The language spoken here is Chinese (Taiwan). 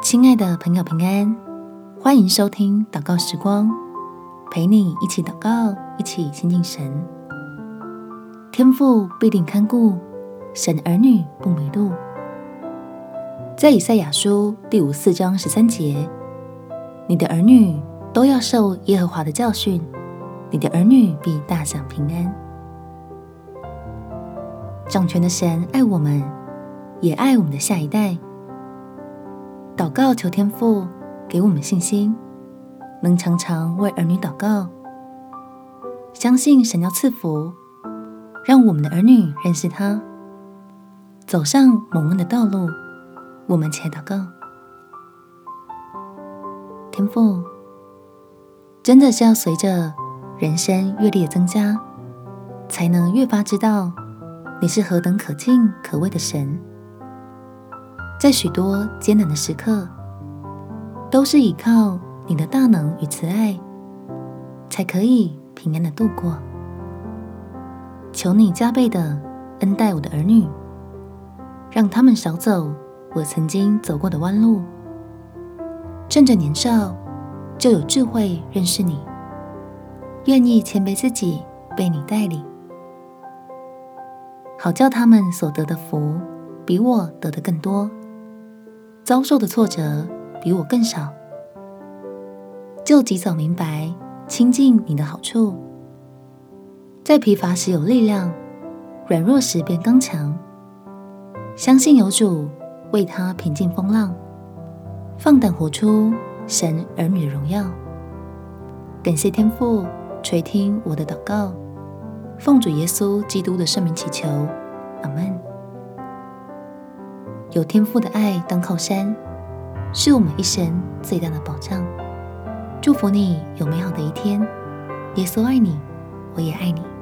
親愛的朋友，平安！歡迎收聽禱告時光，陪你一起禱告，一起親近神。天父必定看顧，神兒女不迷路。在以賽亞書第五四章十三節，你的兒女都要受耶和華的教訓，你的兒女必大享平安。掌權的神愛我們，也愛我們的下一代。禱告求天父給我們信心，能常常為兒女禱告，相信神要賜福，讓我們的兒女認識他，走上蒙恩的道路。我們且禱告，天父，真的是要隨着人生閱歷的增加，才能越發知道你是何等可敬可畏的神。在許多艱難的時刻，都是依靠你的大能與慈愛，才可以平安的度過。求你加倍的恩待我的兒女，讓他們少走我曾經走過的彎路。趁着年少，就有智慧認識你，願意謙卑自己，被你帶領，好叫他們所得的福，比我得的更多，遭受的挫折比我更少，就及早明白親近你的好處，在疲乏時有力量，軟弱時便剛強，相信有主為他平靜風浪，放膽活出神兒女的榮耀，感謝天父垂聽我的禱告，奉主耶穌基督的聖名祈求，阿門。有天父的愛當靠山，是我們一生最大的保障。祝福你有美好的一天，耶穌愛你，我也愛你。